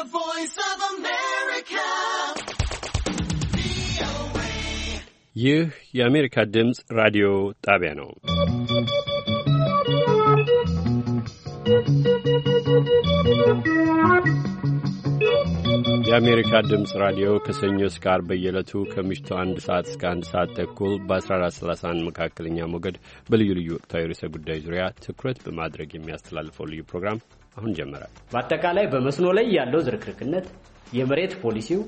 The Voice of America. ይህ የአሜሪካ ድምፅ ራዲዮ ጣቢያ ነው። የአሜሪካ ድምፅ ራዲዮ ከሰኞ እስከ አርብ በየዕለቱ ከምሽቱ አንድ ሰዓት እስከ አንድ ሰዓት ተኩል በ1431 መካከለኛ ሞገድ በልዩ ልዩ ወቅታዊ ርዕሰ ጉዳይ ዙሪያ ትኩረት በማድረግ የሚያስተላልፈው ልዩ ፕሮግራም አሁን ጀመረ። በአጠቃላይ በመስኖ ላይ ያለው ዝርክርክነት፣ የመሬት ፖሊሲው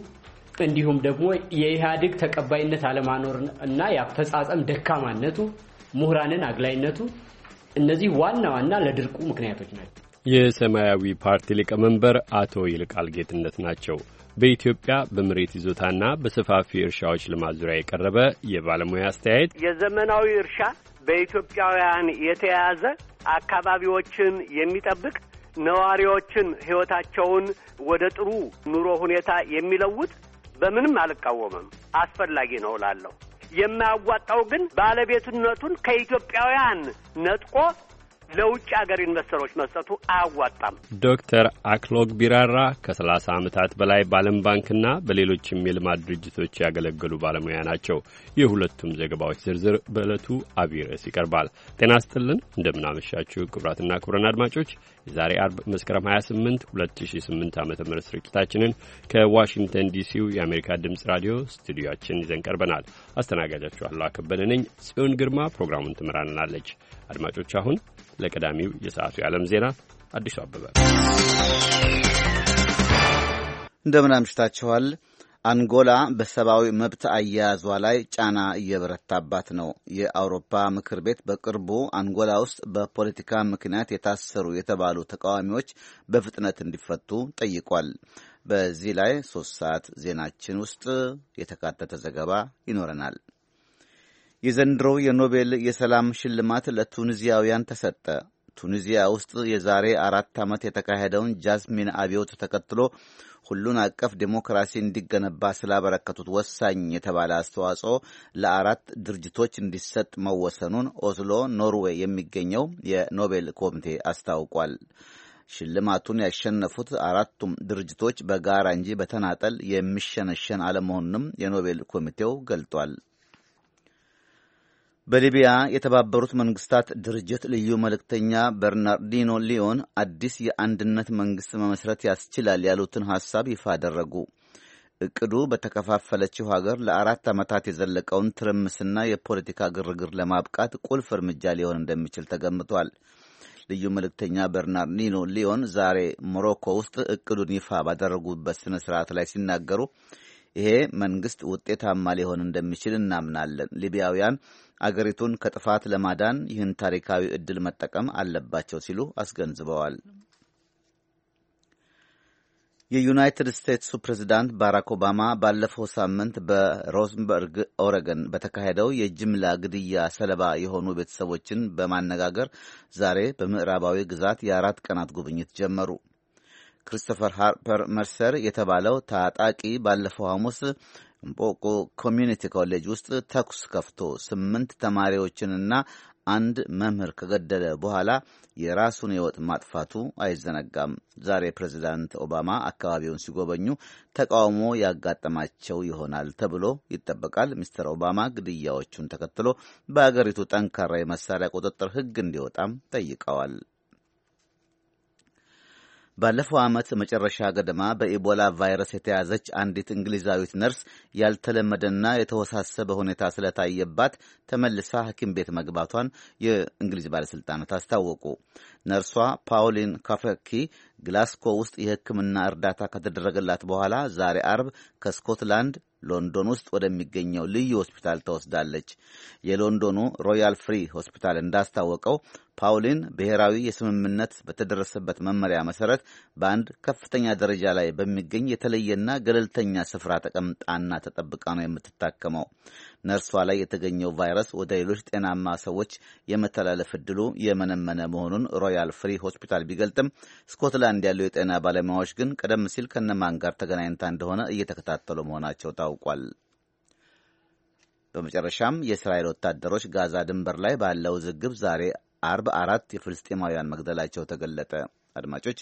እንዲሁም ደግሞ የኢህአዴግ ተቀባይነት አለማኖር እና የአፈጻጸም ደካማነቱ፣ ምሁራንን አግላይነቱ፣ እነዚህ ዋና ዋና ለድርቁ ምክንያቶች ናቸው። የሰማያዊ ፓርቲ ሊቀመንበር አቶ ይልቃል ጌትነት ናቸው። በኢትዮጵያ በመሬት ይዞታና በሰፋፊ እርሻዎች ልማት ዙሪያ የቀረበ የባለሙያ አስተያየት የዘመናዊ እርሻ በኢትዮጵያውያን የተያያዘ አካባቢዎችን የሚጠብቅ ነዋሪዎችን ህይወታቸውን ወደ ጥሩ ኑሮ ሁኔታ የሚለውጥ በምንም አልቃወምም፣ አስፈላጊ ነው እላለሁ። የማያዋጣው ግን ባለቤትነቱን ከኢትዮጵያውያን ነጥቆ ለውጭ አገር ኢንቨስተሮች መስጠቱ አያዋጣም። ዶክተር አክሎግ ቢራራ ከሰላሳ ዓመታት በላይ በዓለም ባንክና በሌሎችም የልማት ድርጅቶች ያገለገሉ ባለሙያ ናቸው። የሁለቱም ዘገባዎች ዝርዝር በዕለቱ አብይ ርዕስ ይቀርባል። ጤና ስጥልን እንደምናመሻችሁ ክቡራትና ክቡራን አድማጮች የዛሬ አርብ መስከረም 28 2008 ዓ ም ስርጭታችንን ከዋሽንግተን ዲሲው የአሜሪካ ድምፅ ራዲዮ ስቱዲዮችን ይዘን ቀርበናል። አስተናጋጃችሁ አሉላ ከበደ ነኝ። ጽዮን ግርማ ፕሮግራሙን ትመራናለች። አድማጮች፣ አሁን ለቀዳሚው የሰዓቱ የዓለም ዜና አዲሱ አበበ እንደምን አምሽታችኋል። አንጎላ በሰብአዊ መብት አያያዟ ላይ ጫና እየበረታባት ነው። የአውሮፓ ምክር ቤት በቅርቡ አንጎላ ውስጥ በፖለቲካ ምክንያት የታሰሩ የተባሉ ተቃዋሚዎች በፍጥነት እንዲፈቱ ጠይቋል። በዚህ ላይ ሶስት ሰዓት ዜናችን ውስጥ የተካተተ ዘገባ ይኖረናል። የዘንድሮ የኖቤል የሰላም ሽልማት ለቱኒዚያውያን ተሰጠ። ቱኒዚያ ውስጥ የዛሬ አራት ዓመት የተካሄደውን ጃስሚን አብዮት ተከትሎ ሁሉን አቀፍ ዴሞክራሲ እንዲገነባ ስላበረከቱት ወሳኝ የተባለ አስተዋጽኦ ለአራት ድርጅቶች እንዲሰጥ መወሰኑን ኦስሎ ኖርዌይ የሚገኘው የኖቤል ኮሚቴ አስታውቋል። ሽልማቱን ያሸነፉት አራቱም ድርጅቶች በጋራ እንጂ በተናጠል የሚሸነሸን አለመሆኑንም የኖቤል ኮሚቴው ገልጧል። በሊቢያ የተባበሩት መንግስታት ድርጅት ልዩ መልእክተኛ በርናርዲኖ ሊዮን አዲስ የአንድነት መንግስት መመስረት ያስችላል ያሉትን ሐሳብ ይፋ አደረጉ። እቅዱ በተከፋፈለችው ሀገር ለአራት ዓመታት የዘለቀውን ትርምስና የፖለቲካ ግርግር ለማብቃት ቁልፍ እርምጃ ሊሆን እንደሚችል ተገምቷል። ልዩ መልእክተኛ በርናርዲኖ ሊዮን ዛሬ ሞሮኮ ውስጥ እቅዱን ይፋ ባደረጉበት ስነ ስርዓት ላይ ሲናገሩ ይሄ መንግስት ውጤታማ ሊሆን እንደሚችል እናምናለን። ሊቢያውያን አገሪቱን ከጥፋት ለማዳን ይህን ታሪካዊ እድል መጠቀም አለባቸው ሲሉ አስገንዝበዋል። የዩናይትድ ስቴትሱ ፕሬዝዳንት ባራክ ኦባማ ባለፈው ሳምንት በሮዝንበርግ ኦረገን በተካሄደው የጅምላ ግድያ ሰለባ የሆኑ ቤተሰቦችን በማነጋገር ዛሬ በምዕራባዊ ግዛት የአራት ቀናት ጉብኝት ጀመሩ። ክሪስቶፈር ሃርፐር መርሰር የተባለው ታጣቂ ባለፈው ሐሙስ እምቦቆ ኮሚዩኒቲ ኮሌጅ ውስጥ ተኩስ ከፍቶ ስምንት ተማሪዎችንና አንድ መምህር ከገደለ በኋላ የራሱን ሕይወት ማጥፋቱ አይዘነጋም። ዛሬ ፕሬዚዳንት ኦባማ አካባቢውን ሲጎበኙ ተቃውሞ ያጋጠማቸው ይሆናል ተብሎ ይጠበቃል። ሚስተር ኦባማ ግድያዎቹን ተከትሎ በአገሪቱ ጠንካራ የመሳሪያ ቁጥጥር ሕግ እንዲወጣም ጠይቀዋል። ባለፈው ዓመት መጨረሻ ገደማ በኢቦላ ቫይረስ የተያዘች አንዲት እንግሊዛዊት ነርስ ያልተለመደና የተወሳሰበ ሁኔታ ስለታየባት ተመልሳ ሐኪም ቤት መግባቷን የእንግሊዝ ባለሥልጣናት አስታወቁ። ነርሷ ፓውሊን ካፈኪ ግላስኮ ውስጥ የሕክምና እርዳታ ከተደረገላት በኋላ ዛሬ አርብ ከስኮትላንድ ሎንዶን ውስጥ ወደሚገኘው ልዩ ሆስፒታል ተወስዳለች። የሎንዶኑ ሮያል ፍሪ ሆስፒታል እንዳስታወቀው ፓውሊን ብሔራዊ የስምምነት በተደረሰበት መመሪያ መሰረት በአንድ ከፍተኛ ደረጃ ላይ በሚገኝ የተለየና ገለልተኛ ስፍራ ተቀምጣና ተጠብቃ ነው የምትታከመው። ነርሷ ላይ የተገኘው ቫይረስ ወደ ሌሎች ጤናማ ሰዎች የመተላለፍ እድሉ የመነመነ መሆኑን ሮያል ፍሪ ሆስፒታል ቢገልጥም ስኮትላንድ ያሉ የጤና ባለሙያዎች ግን ቀደም ሲል ከነማን ጋር ተገናኝታ እንደሆነ እየተከታተሉ መሆናቸው ታውቋል። በመጨረሻም የእስራኤል ወታደሮች ጋዛ ድንበር ላይ ባለው ውዝግብ ዛሬ አርብ አራት የፍልስጤማውያን መግደላቸው ተገለጠ። አድማጮች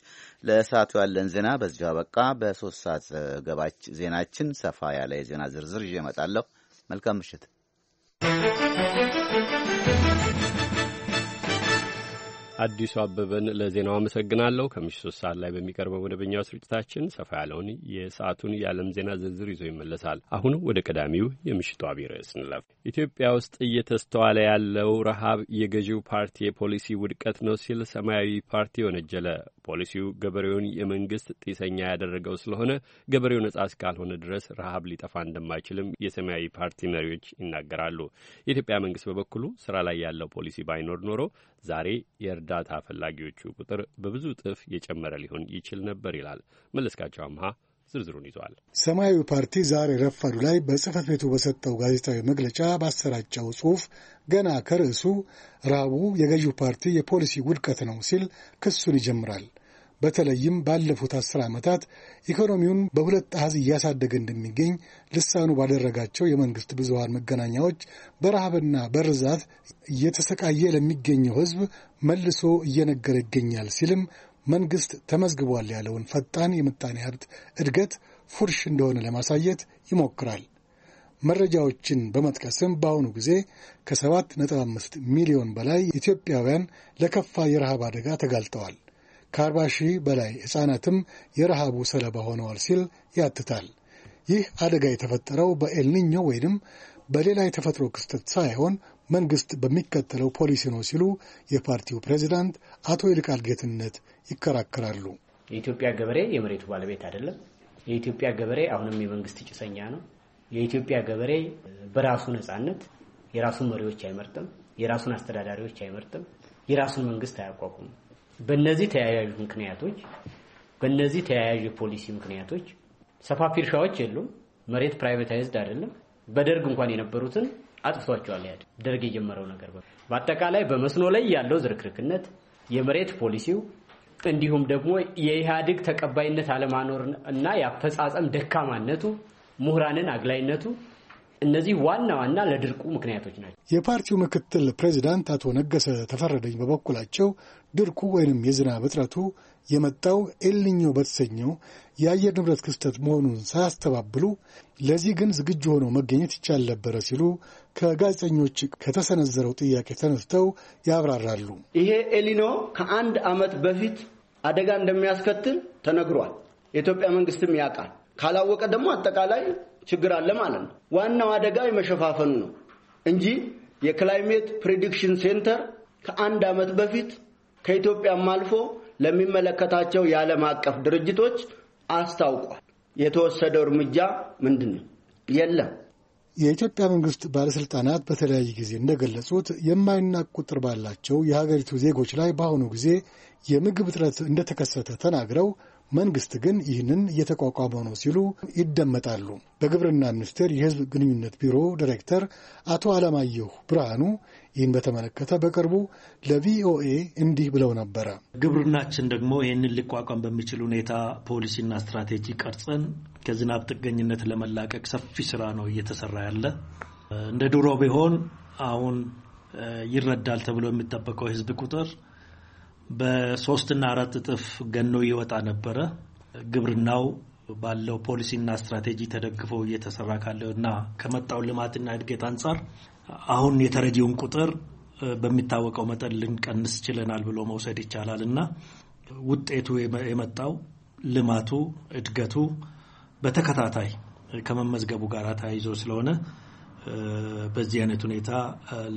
ለሰዓቱ ያለን ዜና በዚሁ አበቃ። በሶስት ሰዓት ዘገባች ዜናችን ሰፋ ያለ የዜና ዝርዝር ይዤ እመጣለሁ። ملكم الشتاء አዲሱ አበበን ለዜናው አመሰግናለሁ። ከምሽቱ ሶስት ሰዓት ላይ በሚቀርበው መደበኛው ስርጭታችን ሰፋ ያለውን የሰዓቱን የዓለም ዜና ዝርዝር ይዞ ይመለሳል። አሁን ወደ ቀዳሚው የምሽቱ አብይ ርዕስ እንለፍ። ኢትዮጵያ ውስጥ እየተስተዋለ ያለው ረሃብ የገዢው ፓርቲ የፖሊሲ ውድቀት ነው ሲል ሰማያዊ ፓርቲ ወነጀለ። ፖሊሲው ገበሬውን የመንግስት ጢሰኛ ያደረገው ስለሆነ ገበሬው ነጻ እስካልሆነ ድረስ ረሃብ ሊጠፋ እንደማይችልም የሰማያዊ ፓርቲ መሪዎች ይናገራሉ። የኢትዮጵያ መንግስት በበኩሉ ስራ ላይ ያለው ፖሊሲ ባይኖር ኖሮ ዛሬ የእርዳ የእርዳታ ፈላጊዎቹ ቁጥር በብዙ እጥፍ የጨመረ ሊሆን ይችል ነበር ይላል መለስካቸው አምሃ ዝርዝሩን ይዟል። ሰማያዊ ፓርቲ ዛሬ ረፋዱ ላይ በጽህፈት ቤቱ በሰጠው ጋዜጣዊ መግለጫ ባሰራጨው ጽሁፍ ገና ከርዕሱ ረሃቡ የገዢው ፓርቲ የፖሊሲ ውድቀት ነው ሲል ክሱን ይጀምራል። በተለይም ባለፉት አስር ዓመታት ኢኮኖሚውን በሁለት አሃዝ እያሳደገ እንደሚገኝ ልሳኑ ባደረጋቸው የመንግስት ብዙሃን መገናኛዎች በረሃብና በርዛት እየተሰቃየ ለሚገኘው ሕዝብ መልሶ እየነገረ ይገኛል ሲልም መንግስት ተመዝግቧል ያለውን ፈጣን የምጣኔ ሀብት እድገት ፉርሽ እንደሆነ ለማሳየት ይሞክራል። መረጃዎችን በመጥቀስም በአሁኑ ጊዜ ከ7.5 ሚሊዮን በላይ ኢትዮጵያውያን ለከፋ የረሃብ አደጋ ተጋልጠዋል። ከ40 ሺህ በላይ ሕፃናትም የረሃቡ ሰለባ ሆነዋል ሲል ያትታል። ይህ አደጋ የተፈጠረው በኤልኒኞ ወይንም በሌላ የተፈጥሮ ክስተት ሳይሆን መንግሥት በሚከተለው ፖሊሲ ነው ሲሉ የፓርቲው ፕሬዚዳንት አቶ ይልቃል ጌትነት ይከራከራሉ። የኢትዮጵያ ገበሬ የመሬቱ ባለቤት አይደለም። የኢትዮጵያ ገበሬ አሁንም የመንግስት ጭሰኛ ነው። የኢትዮጵያ ገበሬ በራሱ ነፃነት የራሱን መሪዎች አይመርጥም። የራሱን አስተዳዳሪዎች አይመርጥም። የራሱን መንግስት አያቋቁም። በእነዚህ ተያያዥ ምክንያቶች በእነዚህ ተያያዥ የፖሊሲ ምክንያቶች ሰፋፊ እርሻዎች የሉም። መሬት ፕራይቬታይዝድ አይደለም። በደርግ እንኳን የነበሩትን አጥፍቷቸዋል። ያ ደርግ የጀመረው ነገር በአጠቃላይ በመስኖ ላይ ያለው ዝርክርክነት፣ የመሬት ፖሊሲው እንዲሁም ደግሞ የኢህአዴግ ተቀባይነት አለማኖር እና የአፈጻጸም ደካማነቱ፣ ምሁራንን አግላይነቱ እነዚህ ዋና ዋና ለድርቁ ምክንያቶች ናቸው። የፓርቲው ምክትል ፕሬዚዳንት አቶ ነገሰ ተፈረደኝ በበኩላቸው ድርቁ ወይንም የዝናብ እጥረቱ የመጣው ኤልኒኞ በተሰኘው የአየር ንብረት ክስተት መሆኑን ሳያስተባብሉ ለዚህ ግን ዝግጁ ሆኖ መገኘት ይቻል ነበረ ሲሉ ከጋዜጠኞች ከተሰነዘረው ጥያቄ ተነስተው ያብራራሉ። ይሄ ኤሊኖ ከአንድ ዓመት በፊት አደጋ እንደሚያስከትል ተነግሯል። የኢትዮጵያ መንግስትም ያውቃል። ካላወቀ ደግሞ አጠቃላይ ችግር አለ ማለት ነው። ዋናው አደጋ የመሸፋፈኑ ነው እንጂ የክላይሜት ፕሬዲክሽን ሴንተር ከአንድ ዓመት በፊት ከኢትዮጵያም አልፎ ለሚመለከታቸው የዓለም አቀፍ ድርጅቶች አስታውቋል። የተወሰደው እርምጃ ምንድን ነው? የለም። የኢትዮጵያ መንግስት ባለሥልጣናት በተለያየ ጊዜ እንደገለጹት የማይናቅ ቁጥር ባላቸው የሀገሪቱ ዜጎች ላይ በአሁኑ ጊዜ የምግብ እጥረት እንደተከሰተ ተናግረው መንግስት ግን ይህንን እየተቋቋመ ነው ሲሉ ይደመጣሉ። በግብርና ሚኒስቴር የህዝብ ግንኙነት ቢሮ ዲሬክተር አቶ አለማየሁ ብርሃኑ ይህን በተመለከተ በቅርቡ ለቪኦኤ እንዲህ ብለው ነበረ። ግብርናችን ደግሞ ይህንን ሊቋቋም በሚችል ሁኔታ ፖሊሲና ስትራቴጂ ቀርጸን ከዝናብ ጥገኝነት ለመላቀቅ ሰፊ ስራ ነው እየተሰራ ያለ። እንደ ድሮ ቢሆን አሁን ይረዳል ተብሎ የሚጠበቀው የህዝብ ቁጥር በሶስትና አራት እጥፍ ገኖ ይወጣ ነበረ። ግብርናው ባለው ፖሊሲና ስትራቴጂ ተደግፎ እየተሰራ ካለው እና ከመጣው ልማትና እድገት አንጻር አሁን የተረጂውን ቁጥር በሚታወቀው መጠን ልንቀንስ ችለናል ብሎ መውሰድ ይቻላል እና ውጤቱ የመጣው ልማቱ እድገቱ በተከታታይ ከመመዝገቡ ጋር ተያይዞ ስለሆነ በዚህ አይነት ሁኔታ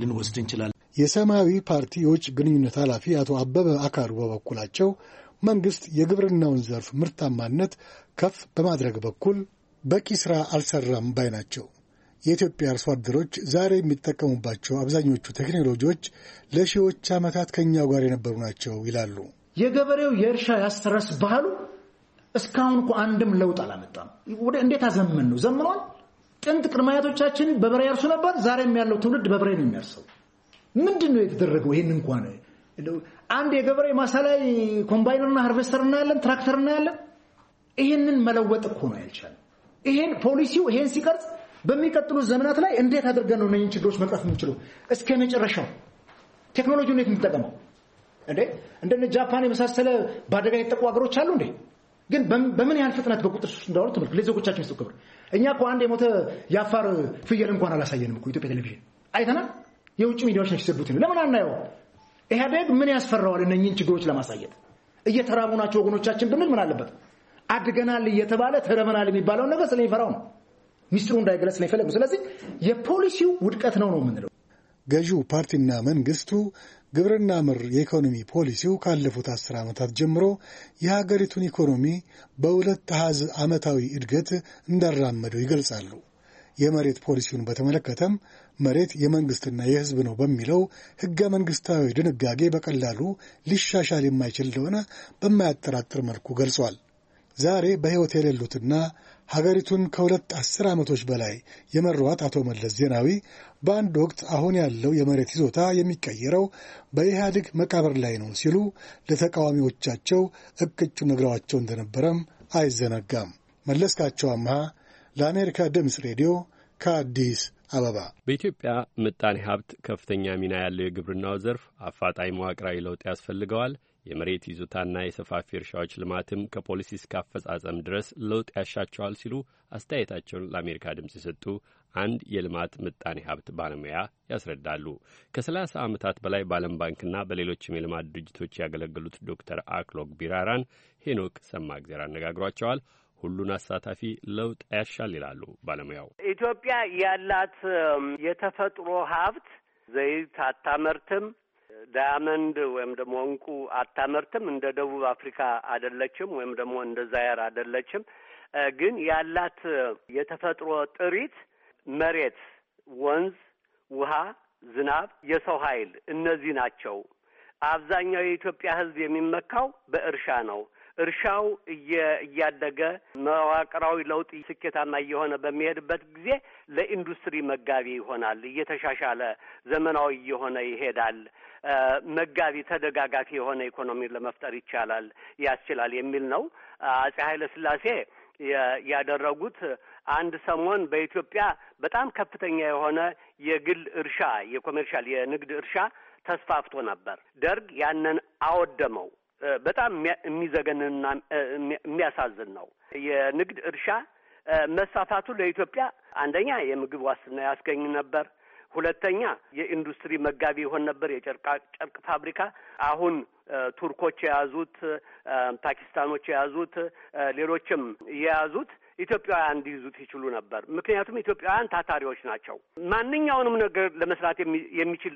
ልንወስድ እንችላለን። የሰማያዊ ፓርቲ የውጭ ግንኙነት ኃላፊ አቶ አበበ አካሉ በበኩላቸው መንግሥት የግብርናውን ዘርፍ ምርታማነት ከፍ በማድረግ በኩል በቂ ሥራ አልሠራም ባይ ናቸው። የኢትዮጵያ አርሶ አደሮች ዛሬ የሚጠቀሙባቸው አብዛኞቹ ቴክኖሎጂዎች ለሺዎች ዓመታት ከእኛው ጋር የነበሩ ናቸው ይላሉ። የገበሬው የእርሻ ያስተረስ ባህሉ እስካሁን እኮ አንድም ለውጥ አላመጣም። ወደ እንዴት አዘመን ነው ዘምኗል። ጥንት ቅድማያቶቻችን በበሬ ያርሱ ነበር። ዛሬም ያለው ትውልድ በበሬ ነው የሚያርሰው። ምንድን ነው የተደረገው? ይህን እንኳን አንድ የገበሬ ማሳ ላይ ኮምባይነርና ሃርቨስተር እናያለን፣ ትራክተር እናያለን። ይህንን መለወጥ እኮ ነው ያልቻለ። ይሄን ፖሊሲው ይሄን ሲቀርጽ በሚቀጥሉት ዘመናት ላይ እንዴት አድርገን ነው እነኝን ችግሮች መቅረፍ የምንችለው? እስከ መጨረሻው ቴክኖሎጂ እንዴት እንጠቀመው? እንዴ እንደነ ጃፓን የመሳሰለ በአደጋ የተጠቁ ሀገሮች አሉ እንዴ? ግን በምን ያህል ፍጥነት በቁጥር ሱስ እንዳወሩ ተመልክ ለዜጎቻችን ስክብር እኛ እኮ አንድ የሞተ የአፋር ፍየል እንኳን አላሳየንም እኮ ኢትዮጵያ ቴሌቪዥን አይተናል። የውጭ ሚዲያዎች ነው ሲሰዱትን ለምን አናየው? ኢህአዴግ ምን ያስፈራዋል? እነኝን ችግሮች ለማሳየት እየተራቡ ናቸው ወገኖቻችን ብንል ምን አለበት? አድገናል እየተባለ ተረበናል የሚባለውን ነገር ስለሚፈራው ነው። ሚስጥሩ እንዳይገለጽ ስለሚፈለግ ነው። ስለዚህ የፖሊሲው ውድቀት ነው ነው የምንለው። ገዢው ፓርቲና መንግስቱ ግብርና ምር የኢኮኖሚ ፖሊሲው ካለፉት አስር ዓመታት ጀምሮ የሀገሪቱን ኢኮኖሚ በሁለት አሃዝ ዓመታዊ እድገት እንዳራመደው ይገልጻሉ። የመሬት ፖሊሲውን በተመለከተም መሬት የመንግስትና የህዝብ ነው በሚለው ህገ መንግስታዊ ድንጋጌ በቀላሉ ሊሻሻል የማይችል እንደሆነ በማያጠራጥር መልኩ ገልጿል። ዛሬ በሕይወት የሌሉትና ሀገሪቱን ከሁለት አስር ዓመቶች በላይ የመሯት አቶ መለስ ዜናዊ በአንድ ወቅት አሁን ያለው የመሬት ይዞታ የሚቀየረው በኢህአዴግ መቃብር ላይ ነው ሲሉ ለተቃዋሚዎቻቸው እቅጩ ነግረዋቸው እንደነበረም አይዘነጋም። መለስካቸው አምሃ ለአሜሪካ ድምፅ ሬዲዮ ከአዲስ አበባ በኢትዮጵያ ምጣኔ ሀብት ከፍተኛ ሚና ያለው የግብርናው ዘርፍ አፋጣኝ መዋቅራዊ ለውጥ ያስፈልገዋል። የመሬት ይዞታና የሰፋፊ እርሻዎች ልማትም ከፖሊሲ እስከ አፈጻጸም ድረስ ለውጥ ያሻቸዋል ሲሉ አስተያየታቸውን ለአሜሪካ ድምፅ የሰጡ አንድ የልማት ምጣኔ ሀብት ባለሙያ ያስረዳሉ። ከሰላሳ ዓመታት በላይ በዓለም ባንክና በሌሎችም የልማት ድርጅቶች ያገለገሉት ዶክተር አክሎግ ቢራራን ሄኖክ ሰማእግዜር አነጋግሯቸዋል። ሁሉን አሳታፊ ለውጥ ያሻል ይላሉ ባለሙያው። ኢትዮጵያ ያላት የተፈጥሮ ሀብት ዘይት አታመርትም፣ ዳያመንድ ወይም ደግሞ እንቁ አታመርትም። እንደ ደቡብ አፍሪካ አይደለችም፣ ወይም ደግሞ እንደ ዛየር አይደለችም። ግን ያላት የተፈጥሮ ጥሪት መሬት፣ ወንዝ፣ ውሃ፣ ዝናብ፣ የሰው ኃይል እነዚህ ናቸው። አብዛኛው የኢትዮጵያ ሕዝብ የሚመካው በእርሻ ነው። እርሻው እያደገ መዋቅራዊ ለውጥ ስኬታማ እየሆነ በሚሄድበት ጊዜ ለኢንዱስትሪ መጋቢ ይሆናል። እየተሻሻለ ዘመናዊ እየሆነ ይሄዳል። መጋቢ ተደጋጋፊ የሆነ ኢኮኖሚ ለመፍጠር ይቻላል ያስችላል የሚል ነው። አጼ ኃይለ ስላሴ ያደረጉት አንድ ሰሞን በኢትዮጵያ በጣም ከፍተኛ የሆነ የግል እርሻ የኮሜርሻል የንግድ እርሻ ተስፋፍቶ ነበር። ደርግ ያንን አወደመው። በጣም የሚዘገንና የሚያሳዝን ነው። የንግድ እርሻ መስፋፋቱ ለኢትዮጵያ አንደኛ የምግብ ዋስትና ያስገኝ ነበር። ሁለተኛ የኢንዱስትሪ መጋቢ ይሆን ነበር። የጨርቃ ጨርቅ ፋብሪካ አሁን ቱርኮች የያዙት፣ ፓኪስታኖች የያዙት፣ ሌሎችም የያዙት ኢትዮጵያውያን እንዲይዙት ይችሉ ነበር። ምክንያቱም ኢትዮጵያውያን ታታሪዎች ናቸው። ማንኛውንም ነገር ለመስራት የሚችል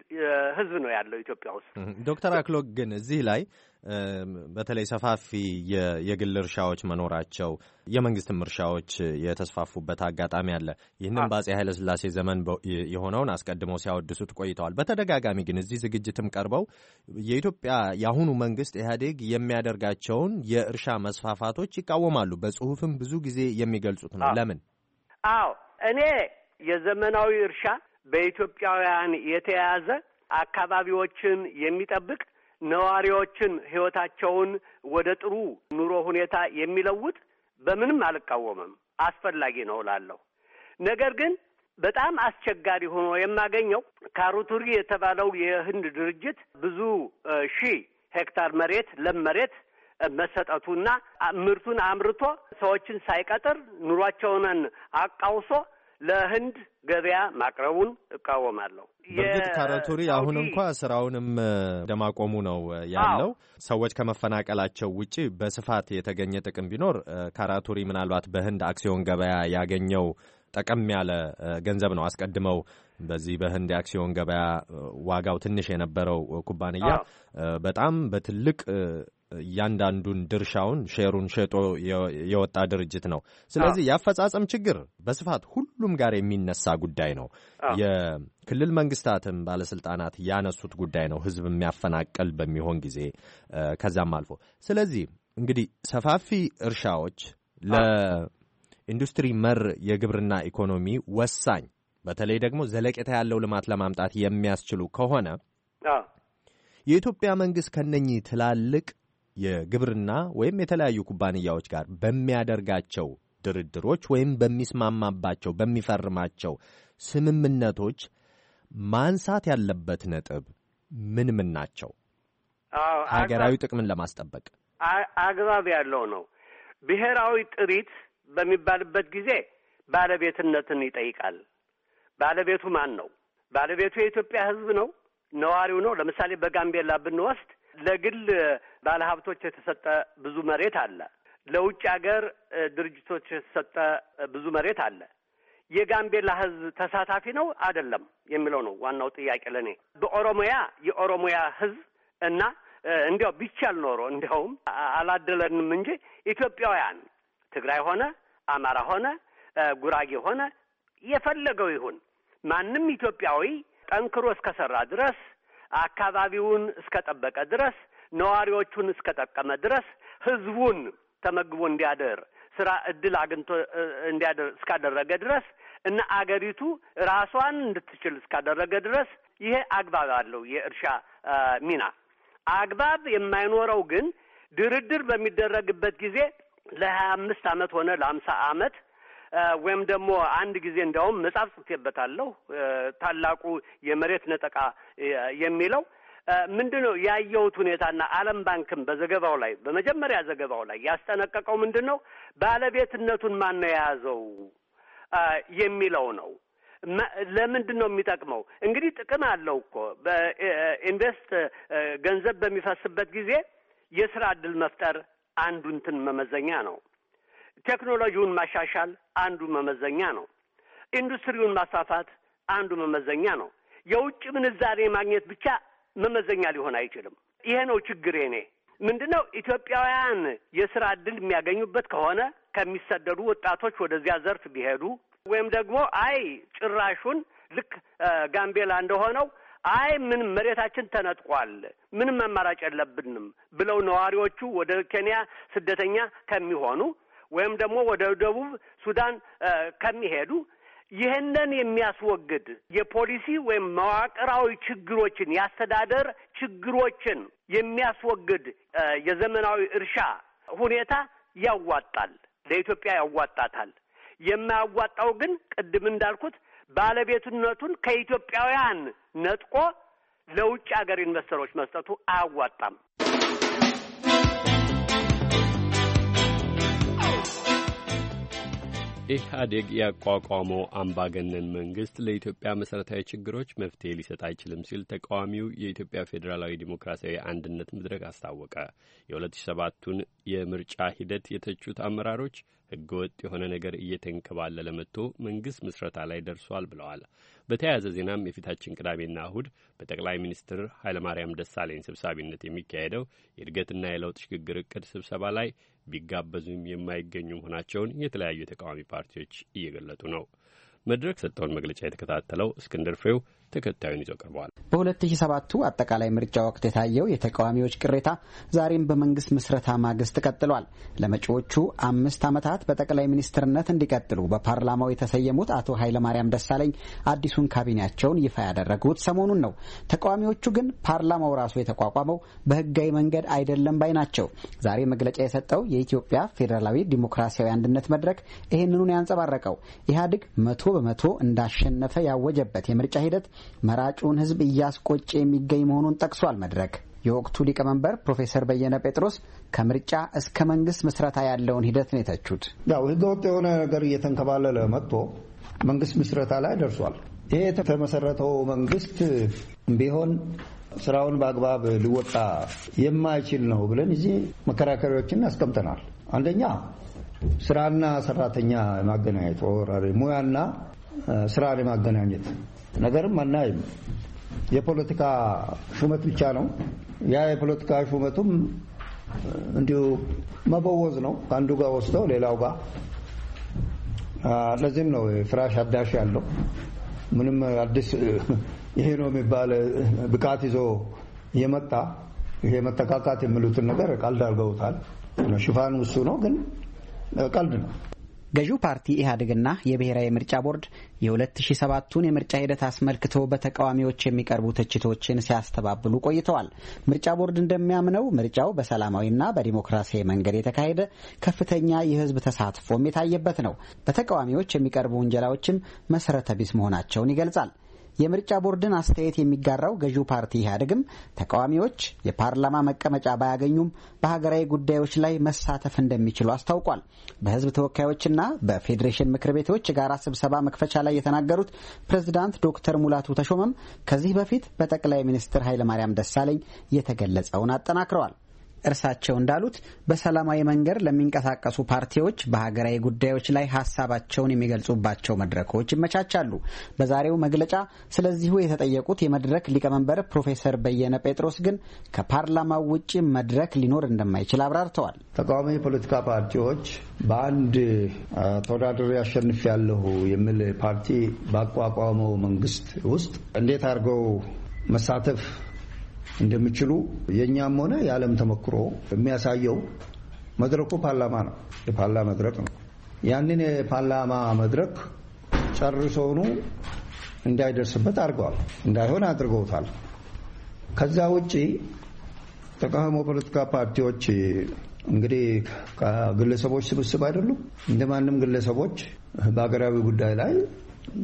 ሕዝብ ነው ያለው ኢትዮጵያ ውስጥ። ዶክተር አክሎግ ግን እዚህ ላይ በተለይ ሰፋፊ የግል እርሻዎች መኖራቸው የመንግስትም እርሻዎች የተስፋፉበት አጋጣሚ አለ። ይህንም በአጼ ኃይለስላሴ ዘመን የሆነውን አስቀድመው ሲያወድሱት ቆይተዋል። በተደጋጋሚ ግን እዚህ ዝግጅትም ቀርበው የኢትዮጵያ የአሁኑ መንግስት ኢህአዴግ የሚያደርጋቸውን የእርሻ መስፋፋቶች ይቃወማሉ። በጽሁፍም ብዙ ጊዜ የሚገልጹት ነው። ለምን? አዎ እኔ የዘመናዊ እርሻ በኢትዮጵያውያን የተያዘ አካባቢዎችን የሚጠብቅ ነዋሪዎችን ህይወታቸውን ወደ ጥሩ ኑሮ ሁኔታ የሚለውጥ በምንም አልቃወምም፣ አስፈላጊ ነው እላለሁ። ነገር ግን በጣም አስቸጋሪ ሆኖ የማገኘው ካሩቱሪ የተባለው የህንድ ድርጅት ብዙ ሺህ ሄክታር መሬት ለም መሬት መሰጠቱና ምርቱን አምርቶ ሰዎችን ሳይቀጥር ኑሯቸውን አቃውሶ ለህንድ ገበያ ማቅረቡን እቃወማለሁ። በእርግጥ ካራቱሪ አሁን እንኳ ስራውንም እንደማቆሙ ነው ያለው። ሰዎች ከመፈናቀላቸው ውጪ በስፋት የተገኘ ጥቅም ቢኖር ካራቱሪ ምናልባት በህንድ አክሲዮን ገበያ ያገኘው ጠቀም ያለ ገንዘብ ነው። አስቀድመው በዚህ በህንድ የአክሲዮን ገበያ ዋጋው ትንሽ የነበረው ኩባንያ በጣም በትልቅ እያንዳንዱን ድርሻውን ሼሩን ሸጦ የወጣ ድርጅት ነው። ስለዚህ የአፈጻጸም ችግር በስፋት ሁሉም ጋር የሚነሳ ጉዳይ ነው። የክልል መንግስታትም ባለስልጣናት ያነሱት ጉዳይ ነው። ህዝብ የሚያፈናቅል በሚሆን ጊዜ ከዛም አልፎ ስለዚህ እንግዲህ ሰፋፊ እርሻዎች ለኢንዱስትሪ መር የግብርና ኢኮኖሚ ወሳኝ በተለይ ደግሞ ዘለቄታ ያለው ልማት ለማምጣት የሚያስችሉ ከሆነ የኢትዮጵያ መንግስት ከነኚህ ትላልቅ የግብርና ወይም የተለያዩ ኩባንያዎች ጋር በሚያደርጋቸው ድርድሮች ወይም በሚስማማባቸው በሚፈርማቸው ስምምነቶች ማንሳት ያለበት ነጥብ ምን ምን ናቸው? ሀገራዊ ጥቅምን ለማስጠበቅ አግባብ ያለው ነው። ብሔራዊ ጥሪት በሚባልበት ጊዜ ባለቤትነትን ይጠይቃል። ባለቤቱ ማን ነው? ባለቤቱ የኢትዮጵያ ሕዝብ ነው? ነዋሪው ነው? ለምሳሌ በጋምቤላ ብንወስድ ለግል ባለሀብቶች የተሰጠ ብዙ መሬት አለ። ለውጭ ሀገር ድርጅቶች የተሰጠ ብዙ መሬት አለ። የጋምቤላ ህዝብ ተሳታፊ ነው አይደለም የሚለው ነው ዋናው ጥያቄ ለእኔ። በኦሮሞያ የኦሮሞያ ህዝብ እና እንዲያው ቢቻል ኖሮ እንዲያውም አላደለንም እንጂ ኢትዮጵያውያን ትግራይ ሆነ አማራ ሆነ ጉራጌ ሆነ የፈለገው ይሁን ማንም ኢትዮጵያዊ ጠንክሮ እስከሰራ ድረስ አካባቢውን እስከጠበቀ ድረስ ነዋሪዎቹን እስከጠቀመ ድረስ ህዝቡን ተመግቦ እንዲያደር ስራ እድል አግኝቶ እንዲያደር እስካደረገ ድረስ እና አገሪቱ ራሷን እንድትችል እስካደረገ ድረስ ይሄ አግባብ አለው የእርሻ ሚና። አግባብ የማይኖረው ግን ድርድር በሚደረግበት ጊዜ ለሀያ አምስት አመት ሆነ ለአምሳ አመት ወይም ደግሞ አንድ ጊዜ እንዲያውም መጽሐፍ ጽፌበታለሁ ታላቁ የመሬት ነጠቃ የሚለው ምንድን ነው ያየሁት ሁኔታና ዓለም ባንክም በዘገባው ላይ በመጀመሪያ ዘገባው ላይ ያስጠነቀቀው ምንድን ነው ባለቤትነቱን ማን ነው የያዘው የሚለው ነው። ለምንድን ነው የሚጠቅመው? እንግዲህ ጥቅም አለው እኮ በኢንቨስት ገንዘብ በሚፈስበት ጊዜ የስራ እድል መፍጠር አንዱ እንትን መመዘኛ ነው። ቴክኖሎጂውን ማሻሻል አንዱ መመዘኛ ነው። ኢንዱስትሪውን ማስፋፋት አንዱ መመዘኛ ነው። የውጭ ምንዛሬ ማግኘት ብቻ መመዘኛ ሊሆን አይችልም። ይሄ ነው ችግር ኔ ምንድን ነው ኢትዮጵያውያን የስራ እድል የሚያገኙበት ከሆነ ከሚሰደዱ ወጣቶች ወደዚያ ዘርፍ ቢሄዱ ወይም ደግሞ አይ ጭራሹን ልክ ጋምቤላ እንደሆነው አይ ምን መሬታችን ተነጥቋል፣ ምንም አማራጭ የለብንም ብለው ነዋሪዎቹ ወደ ኬንያ ስደተኛ ከሚሆኑ ወይም ደግሞ ወደ ደቡብ ሱዳን ከሚሄዱ ይህንን የሚያስወግድ የፖሊሲ ወይም መዋቅራዊ ችግሮችን የአስተዳደር ችግሮችን የሚያስወግድ የዘመናዊ እርሻ ሁኔታ ያዋጣል፣ ለኢትዮጵያ ያዋጣታል። የማያዋጣው ግን ቅድም እንዳልኩት ባለቤትነቱን ከኢትዮጵያውያን ነጥቆ ለውጭ ሀገር ኢንቨስተሮች መስጠቱ አያዋጣም። ኢህአዴግ ያቋቋመው አምባገነን መንግስት ለኢትዮጵያ መሠረታዊ ችግሮች መፍትሄ ሊሰጥ አይችልም ሲል ተቃዋሚው የኢትዮጵያ ፌዴራላዊ ዲሞክራሲያዊ አንድነት መድረክ አስታወቀ። የ2007ቱን የምርጫ ሂደት የተቹት አመራሮች ህገወጥ የሆነ ነገር እየተንከባለለ መጥቶ መንግስት ምስረታ ላይ ደርሷል ብለዋል። በተያያዘ ዜናም የፊታችን ቅዳሜና እሁድ በጠቅላይ ሚኒስትር ኃይለማርያም ደሳለኝ ሰብሳቢነት የሚካሄደው የእድገትና የለውጥ ሽግግር እቅድ ስብሰባ ላይ ቢጋበዙም የማይገኙ መሆናቸውን የተለያዩ የተቃዋሚ ፓርቲዎች እየገለጡ ነው። መድረክ ሰጠውን መግለጫ የተከታተለው እስክንድር ፍሬው ተከታዩን ይዞ ቀርበዋል። በ2007ቱ አጠቃላይ ምርጫ ወቅት የታየው የተቃዋሚዎች ቅሬታ ዛሬም በመንግስት ምስረታ ማግስት ቀጥሏል። ለመጪዎቹ አምስት ዓመታት በጠቅላይ ሚኒስትርነት እንዲቀጥሉ በፓርላማው የተሰየሙት አቶ ኃይለማርያም ደሳለኝ አዲሱን ካቢኔያቸውን ይፋ ያደረጉት ሰሞኑን ነው። ተቃዋሚዎቹ ግን ፓርላማው ራሱ የተቋቋመው በህጋዊ መንገድ አይደለም ባይ ናቸው። ዛሬ መግለጫ የሰጠው የኢትዮጵያ ፌዴራላዊ ዲሞክራሲያዊ አንድነት መድረክ ይህንኑን ያንጸባረቀው ኢህአዴግ መቶ በመቶ እንዳሸነፈ ያወጀበት የምርጫ ሂደት መራጩን ህዝብ እያስቆጨ የሚገኝ መሆኑን ጠቅሷል መድረክ። የወቅቱ ሊቀመንበር ፕሮፌሰር በየነ ጴጥሮስ ከምርጫ እስከ መንግስት ምስረታ ያለውን ሂደት ነው የተቹት። ያው ህገወጥ የሆነ ነገር እየተንከባለለ መጥቶ መንግስት ምስረታ ላይ ደርሷል። ይሄ የተመሰረተው መንግስት ቢሆን ስራውን በአግባብ ሊወጣ የማይችል ነው ብለን እዚህ መከራከሪያዎችን አስቀምጠናል። አንደኛ ስራና ሰራተኛ የማገናኘት ሙያና ስራን የማገናኘት ነገርም አናይም። የፖለቲካ ሹመት ብቻ ነው። ያ የፖለቲካ ሹመቱም እንዲሁ መበወዝ ነው። ከአንዱ ጋር ወስደው ሌላው ጋር። ለዚህም ነው ፍራሽ አዳሽ ያለው። ምንም አዲስ ይሄ ነው የሚባል ብቃት ይዞ እየመጣ ይሄ መተካካት የሚሉትን ነገር ቀልድ አድርገውታል። ሽፋን ውሱ ነው፣ ግን ቀልድ ነው። ገዢው ፓርቲ ኢህአዴግና የብሔራዊ ምርጫ ቦርድ የ2007ቱን የምርጫ ሂደት አስመልክቶ በተቃዋሚዎች የሚቀርቡ ትችቶችን ሲያስተባብሉ ቆይተዋል። ምርጫ ቦርድ እንደሚያምነው ምርጫው በሰላማዊና በዲሞክራሲያዊ መንገድ የተካሄደ ከፍተኛ የህዝብ ተሳትፎም የታየበት ነው። በተቃዋሚዎች የሚቀርቡ ውንጀላዎችም መሰረተ ቢስ መሆናቸውን ይገልጻል። የምርጫ ቦርድን አስተያየት የሚጋራው ገዢው ፓርቲ ኢህአዴግም ተቃዋሚዎች የፓርላማ መቀመጫ ባያገኙም በሀገራዊ ጉዳዮች ላይ መሳተፍ እንደሚችሉ አስታውቋል። በህዝብ ተወካዮችና በፌዴሬሽን ምክር ቤቶች የጋራ ስብሰባ መክፈቻ ላይ የተናገሩት ፕሬዝዳንት ዶክተር ሙላቱ ተሾመም ከዚህ በፊት በጠቅላይ ሚኒስትር ኃይለማርያም ደሳለኝ የተገለጸውን አጠናክረዋል። እርሳቸው እንዳሉት በሰላማዊ መንገድ ለሚንቀሳቀሱ ፓርቲዎች በሀገራዊ ጉዳዮች ላይ ሀሳባቸውን የሚገልጹባቸው መድረኮች ይመቻቻሉ። በዛሬው መግለጫ ስለዚሁ የተጠየቁት የመድረክ ሊቀመንበር ፕሮፌሰር በየነ ጴጥሮስ ግን ከፓርላማው ውጭ መድረክ ሊኖር እንደማይችል አብራርተዋል። ተቃዋሚ የፖለቲካ ፓርቲዎች በአንድ ተወዳድሬ አሸንፍ ያለሁ የሚል ፓርቲ ባቋቋመው መንግስት ውስጥ እንዴት አድርገው መሳተፍ እንደሚችሉ የእኛም ሆነ የዓለም ተሞክሮ የሚያሳየው መድረኩ ፓርላማ ነው። የፓላ መድረክ ነው። ያንን የፓርላማ መድረክ ጨርሶኑ እንዳይደርስበት አድርገዋል፣ እንዳይሆን አድርገውታል። ከዛ ውጪ ተቃውሞ ፖለቲካ ፓርቲዎች እንግዲህ ከግለሰቦች ስብስብ አይደሉም። እንደ ማንም ግለሰቦች በሀገራዊ ጉዳይ ላይ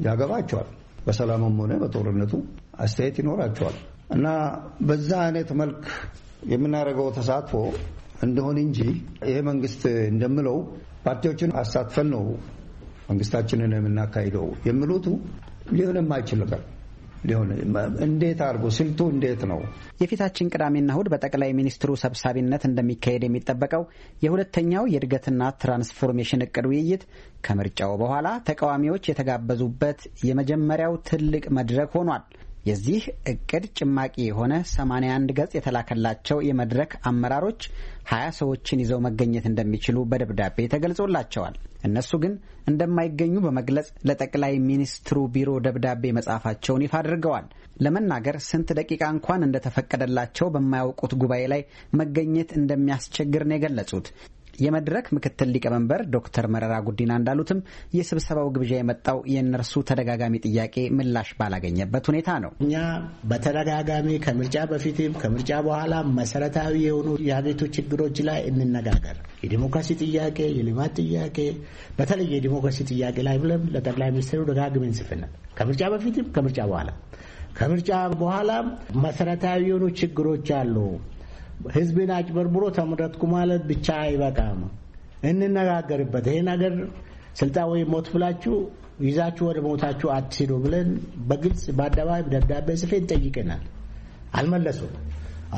ያገባቸዋል። በሰላምም ሆነ በጦርነቱ አስተያየት ይኖራቸዋል። እና በዛ አይነት መልክ የምናደርገው ተሳትፎ እንደሆን እንጂ ይሄ መንግስት እንደምለው ፓርቲዎችን አሳትፈን ነው መንግስታችንን የምናካሂደው የሚሉቱ ሊሆን የማይችል ነገር ሊሆን እንዴት አድርጎ ስልቱ እንዴት ነው? የፊታችን ቅዳሜና እሁድ በጠቅላይ ሚኒስትሩ ሰብሳቢነት እንደሚካሄድ የሚጠበቀው የሁለተኛው የእድገትና ትራንስፎርሜሽን እቅድ ውይይት ከምርጫው በኋላ ተቃዋሚዎች የተጋበዙበት የመጀመሪያው ትልቅ መድረክ ሆኗል። የዚህ እቅድ ጭማቂ የሆነ 81 ገጽ የተላከላቸው የመድረክ አመራሮች 20 ሰዎችን ይዘው መገኘት እንደሚችሉ በደብዳቤ ተገልጾላቸዋል። እነሱ ግን እንደማይገኙ በመግለጽ ለጠቅላይ ሚኒስትሩ ቢሮ ደብዳቤ መጻፋቸውን ይፋ አድርገዋል። ለመናገር ስንት ደቂቃ እንኳን እንደተፈቀደላቸው በማያውቁት ጉባኤ ላይ መገኘት እንደሚያስቸግር ነው የገለጹት። የመድረክ ምክትል ሊቀመንበር ዶክተር መረራ ጉዲና እንዳሉትም የስብሰባው ግብዣ የመጣው የእነርሱ ተደጋጋሚ ጥያቄ ምላሽ ባላገኘበት ሁኔታ ነው። እኛ በተደጋጋሚ ከምርጫ በፊትም ከምርጫ በኋላ መሰረታዊ የሆኑ የሀገሪቱ ችግሮች ላይ እንነጋገር፣ የዲሞክራሲ ጥያቄ፣ የልማት ጥያቄ፣ በተለይ የዲሞክራሲ ጥያቄ ላይ ብለን ለጠቅላይ ሚኒስትሩ ደጋግመን ጽፈናል። ከምርጫ በፊትም ከምርጫ በኋላ ከምርጫ በኋላ መሰረታዊ የሆኑ ችግሮች አሉ ህዝብን አጭበርብሮ ተመረጥኩ ማለት ብቻ አይበቃም። እንነጋገርበት። ይሄ ነገር ስልጣን ወይ ሞት ብላችሁ ይዛችሁ ወደ ሞታችሁ አትሂዱ ብለን በግልጽ በአደባባይ ደብዳቤ ጽፌን ጠይቀናል። አልመለሱም።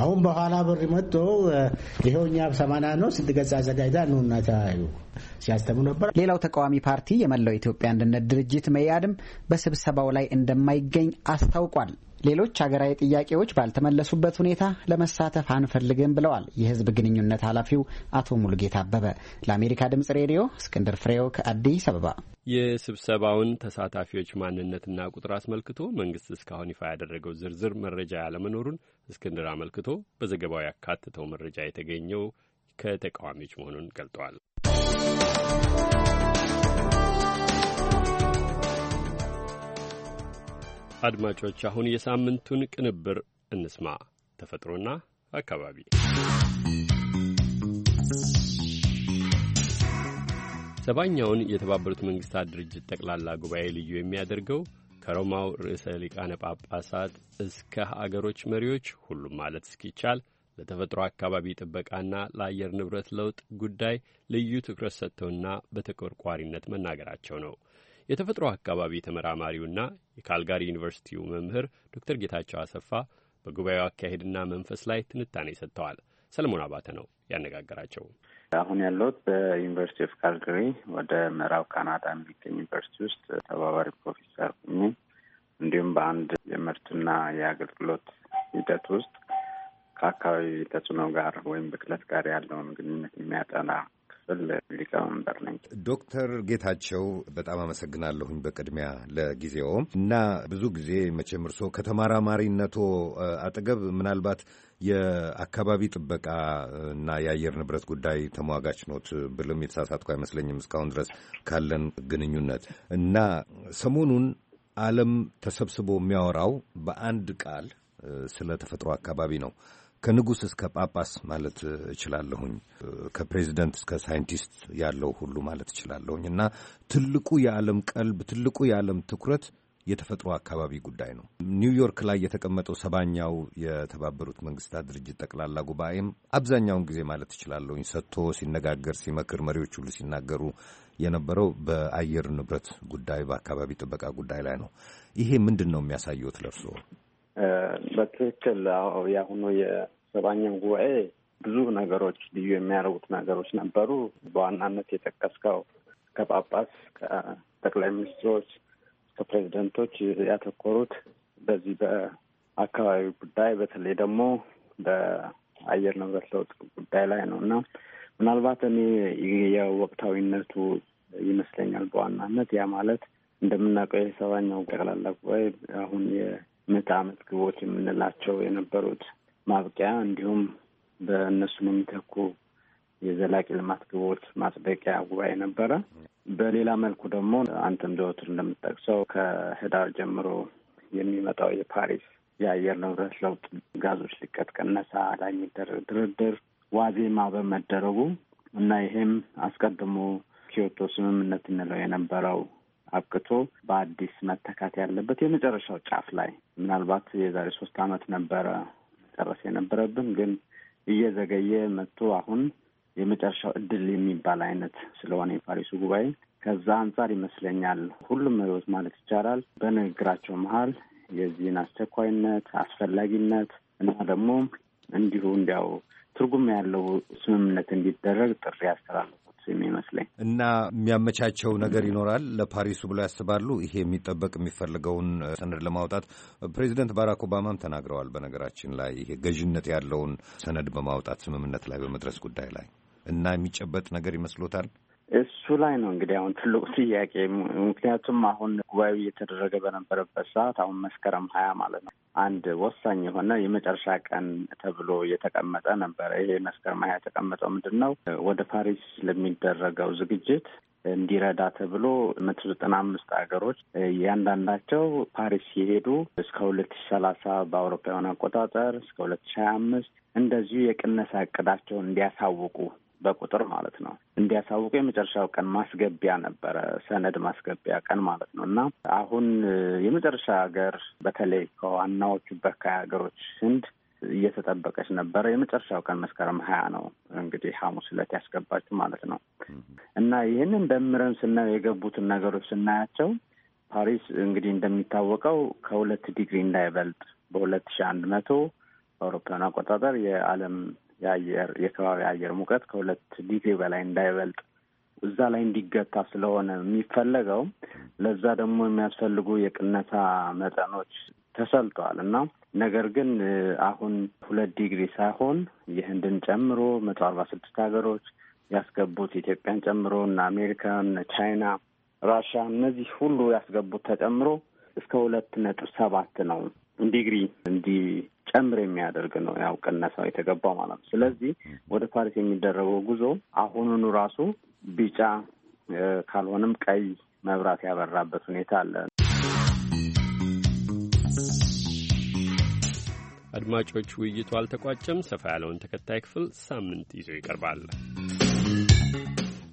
አሁን በኋላ ብር መጥቶ ይኸው እኛ ሰማና ነው ስንት ገጽ አዘጋጅታ ኑና ተያዩ ሲያስተምሩ ነበር። ሌላው ተቃዋሚ ፓርቲ የመላው ኢትዮጵያ አንድነት ድርጅት መያድም በስብሰባው ላይ እንደማይገኝ አስታውቋል። ሌሎች ሀገራዊ ጥያቄዎች ባልተመለሱበት ሁኔታ ለመሳተፍ አንፈልግም ብለዋል የህዝብ ግንኙነት ኃላፊው አቶ ሙሉጌታ አበበ። ለአሜሪካ ድምጽ ሬዲዮ እስክንድር ፍሬው ከአዲስ አበባ። የስብሰባውን ተሳታፊዎች ማንነትና ቁጥር አስመልክቶ መንግስት እስካሁን ይፋ ያደረገው ዝርዝር መረጃ ያለመኖሩን እስክንድር አመልክቶ በዘገባው ያካትተው መረጃ የተገኘው ከተቃዋሚዎች መሆኑን ገልጠዋል። አድማጮች አሁን የሳምንቱን ቅንብር እንስማ። ተፈጥሮና አካባቢ ሰባኛውን የተባበሩት መንግስታት ድርጅት ጠቅላላ ጉባኤ ልዩ የሚያደርገው ከሮማው ርዕሰ ሊቃነ ጳጳሳት እስከ አገሮች መሪዎች ሁሉም ማለት እስኪቻል ለተፈጥሮ አካባቢ ጥበቃና ለአየር ንብረት ለውጥ ጉዳይ ልዩ ትኩረት ሰጥተውና በተቆርቋሪነት መናገራቸው ነው። የተፈጥሮ አካባቢ ተመራማሪውና የካልጋሪ ዩኒቨርሲቲው መምህር ዶክተር ጌታቸው አሰፋ በጉባኤው አካሄድና መንፈስ ላይ ትንታኔ ሰጥተዋል። ሰለሞን አባተ ነው ያነጋገራቸው። አሁን ያለሁት በዩኒቨርሲቲ ኦፍ ካልጋሪ ወደ ምዕራብ ካናዳ የሚገኝ ዩኒቨርሲቲ ውስጥ ተባባሪ ፕሮፌሰር ሆኜ እንዲሁም በአንድ የምርትና የአገልግሎት ሂደት ውስጥ ከአካባቢ ተጽዕኖ ጋር ወይም ብክለት ጋር ያለውን ግንኙነት የሚያጠና ክፍል ሊቀመንበር ነኝ። ዶክተር ጌታቸው በጣም አመሰግናለሁኝ በቅድሚያ ለጊዜው እና ብዙ ጊዜ መቼም እርስዎ ከተማራማሪነቶ አጠገብ ምናልባት የአካባቢ ጥበቃ እና የአየር ንብረት ጉዳይ ተሟጋች ኖት ብልም የተሳሳትኩ አይመስለኝም እስካሁን ድረስ ካለን ግንኙነት እና ሰሞኑን ዓለም ተሰብስቦ የሚያወራው በአንድ ቃል ስለ ተፈጥሮ አካባቢ ነው። ከንጉሥ እስከ ጳጳስ ማለት እችላለሁኝ፣ ከፕሬዚደንት እስከ ሳይንቲስት ያለው ሁሉ ማለት እችላለሁኝ እና ትልቁ የዓለም ቀልብ ትልቁ የዓለም ትኩረት የተፈጥሮ አካባቢ ጉዳይ ነው። ኒውዮርክ ላይ የተቀመጠው ሰባኛው የተባበሩት መንግስታት ድርጅት ጠቅላላ ጉባኤም አብዛኛውን ጊዜ ማለት እችላለሁኝ ሰጥቶ ሲነጋገር ሲመክር፣ መሪዎች ሁሉ ሲናገሩ የነበረው በአየር ንብረት ጉዳይ በአካባቢ ጥበቃ ጉዳይ ላይ ነው። ይሄ ምንድን ነው የሚያሳየው ለእርስዎ? በትክክል አዎ፣ ሰባኛው ጉባኤ ብዙ ነገሮች ልዩ የሚያደርጉት ነገሮች ነበሩ። በዋናነት የጠቀስከው ከጳጳስ፣ ከጠቅላይ ሚኒስትሮች፣ ከፕሬዚደንቶች ያተኮሩት በዚህ በአካባቢ ጉዳይ በተለይ ደግሞ በአየር ንብረት ለውጥ ጉዳይ ላይ ነው እና ምናልባት እኔ የወቅታዊነቱ ይመስለኛል በዋናነት ያ ማለት እንደምናውቀው የሰባኛው ጠቅላላ ጉባኤ አሁን የምዕተ ዓመት ግቦች የምንላቸው የነበሩት ማብቂያ እንዲሁም በእነሱም የሚተኩ የዘላቂ ልማት ግቦች ማጽደቂያ ጉባኤ ነበረ። በሌላ መልኩ ደግሞ አንተም ዘወትር እንደምጠቅሰው ከህዳር ጀምሮ የሚመጣው የፓሪስ የአየር ንብረት ለውጥ ጋዞች ልቀት ቅነሳ ላይ የሚደረግ ድርድር ዋዜማ በመደረጉ እና ይሄም አስቀድሞ ኪዮቶ ስምምነት እንለው የነበረው አብቅቶ በአዲስ መተካት ያለበት የመጨረሻው ጫፍ ላይ ምናልባት የዛሬ ሶስት ዓመት ነበረ መጨረስ የነበረብን ግን እየዘገየ መጥቶ አሁን የመጨረሻው እድል የሚባል አይነት ስለሆነ የፓሪሱ ጉባኤ ከዛ አንጻር ይመስለኛል ሁሉም መሪዎች ማለት ይቻላል በንግግራቸው መሀል የዚህን አስቸኳይነት አስፈላጊነት እና ደግሞ እንዲሁ እንዲያው ትርጉም ያለው ስምምነት እንዲደረግ ጥሪ ያስተላልፋል። የሚመስለኝ እና የሚያመቻቸው ነገር ይኖራል ለፓሪሱ ብሎ ያስባሉ። ይሄ የሚጠበቅ የሚፈልገውን ሰነድ ለማውጣት ፕሬዚደንት ባራክ ኦባማም ተናግረዋል። በነገራችን ላይ ይሄ ገዥነት ያለውን ሰነድ በማውጣት ስምምነት ላይ በመድረስ ጉዳይ ላይ እና የሚጨበጥ ነገር ይመስሎታል? እሱ ላይ ነው እንግዲህ አሁን ትልቁ ጥያቄ። ምክንያቱም አሁን ጉባኤው እየተደረገ በነበረበት ሰዓት አሁን መስከረም ሀያ ማለት ነው አንድ ወሳኝ የሆነ የመጨረሻ ቀን ተብሎ የተቀመጠ ነበረ። ይሄ መስከረም ሀያ የተቀመጠው ምንድን ነው? ወደ ፓሪስ ለሚደረገው ዝግጅት እንዲረዳ ተብሎ መቶ ዘጠና አምስት ሀገሮች እያንዳንዳቸው ፓሪስ ሲሄዱ እስከ ሁለት ሺ ሰላሳ በአውሮፓውያን አቆጣጠር እስከ ሁለት ሺ ሀያ አምስት እንደዚሁ የቅነሳ እቅዳቸውን እንዲያሳውቁ በቁጥር ማለት ነው እንዲያሳውቁ የመጨረሻው ቀን ማስገቢያ ነበረ፣ ሰነድ ማስገቢያ ቀን ማለት ነው። እና አሁን የመጨረሻ ሀገር በተለይ ከዋናዎቹ በካይ ሀገሮች ህንድ እየተጠበቀች ነበረ። የመጨረሻው ቀን መስከረም ሀያ ነው እንግዲህ ሐሙስ ዕለት ያስገባችሁ ማለት ነው። እና ይህንን ደምረን ስናየው የገቡትን ነገሮች ስናያቸው ፓሪስ እንግዲህ እንደሚታወቀው ከሁለት ዲግሪ እንዳይበልጥ በሁለት ሺ አንድ መቶ በአውሮፓውያን አቆጣጠር የዓለም የአየር የከባቢ አየር ሙቀት ከሁለት ዲግሪ በላይ እንዳይበልጥ እዛ ላይ እንዲገታ ስለሆነ የሚፈለገው ለዛ ደግሞ የሚያስፈልጉ የቅነሳ መጠኖች ተሰልተዋል እና ነገር ግን አሁን ሁለት ዲግሪ ሳይሆን የህንድን ጨምሮ መቶ አርባ ስድስት ሀገሮች ያስገቡት ኢትዮጵያን ጨምሮ እና አሜሪካን፣ ቻይና፣ ራሽያ እነዚህ ሁሉ ያስገቡት ተጨምሮ እስከ ሁለት ነጥብ ሰባት ነው ዲግሪ እንዲጨምር የሚያደርግ ነው ያው ቅነሳው የተገባው ማለት ነው። ስለዚህ ወደ ፓሪስ የሚደረገው ጉዞ አሁኑኑ ራሱ ቢጫ ካልሆነም ቀይ መብራት ያበራበት ሁኔታ አለ። አድማጮች፣ ውይይቱ አልተቋጨም። ሰፋ ያለውን ተከታይ ክፍል ሳምንት ይዞ ይቀርባል።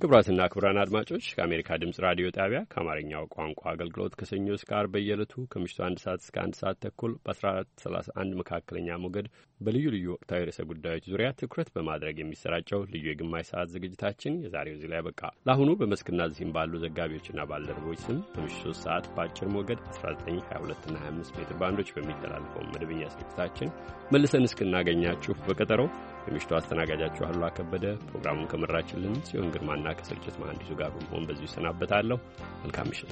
ክቡራትና ክቡራን አድማጮች ከአሜሪካ ድምጽ ራዲዮ ጣቢያ ከአማርኛው ቋንቋ አገልግሎት ከሰኞ እስከ ዓርብ በየዕለቱ ከምሽቱ አንድ ሰዓት እስከ አንድ ሰዓት ተኩል በ1431 መካከለኛ ሞገድ በልዩ ልዩ ወቅታዊ ርዕሰ ጉዳዮች ዙሪያ ትኩረት በማድረግ የሚሰራጨው ልዩ የግማሽ ሰዓት ዝግጅታችን የዛሬው እዚህ ላይ ያበቃ። ለአሁኑ በመስክና ዚህም ባሉ ዘጋቢዎችና ባልደረቦች ስም ከምሽቱ ሶስት ሰዓት በአጭር ሞገድ 1922ና 25 ሜትር ባንዶች በሚተላልፈው መደበኛ ስርጭታችን መልሰን እስክናገኛችሁ በቀጠሮ የምሽቱ አስተናጋጃችሁ አሉላ አከበደ ፕሮግራሙን ከመራችልን ጽዮን ግርማና ከስርጭት መሐንዲሱ ጋር በመሆን በዚሁ ይሰናበታለሁ። መልካም ምሽት።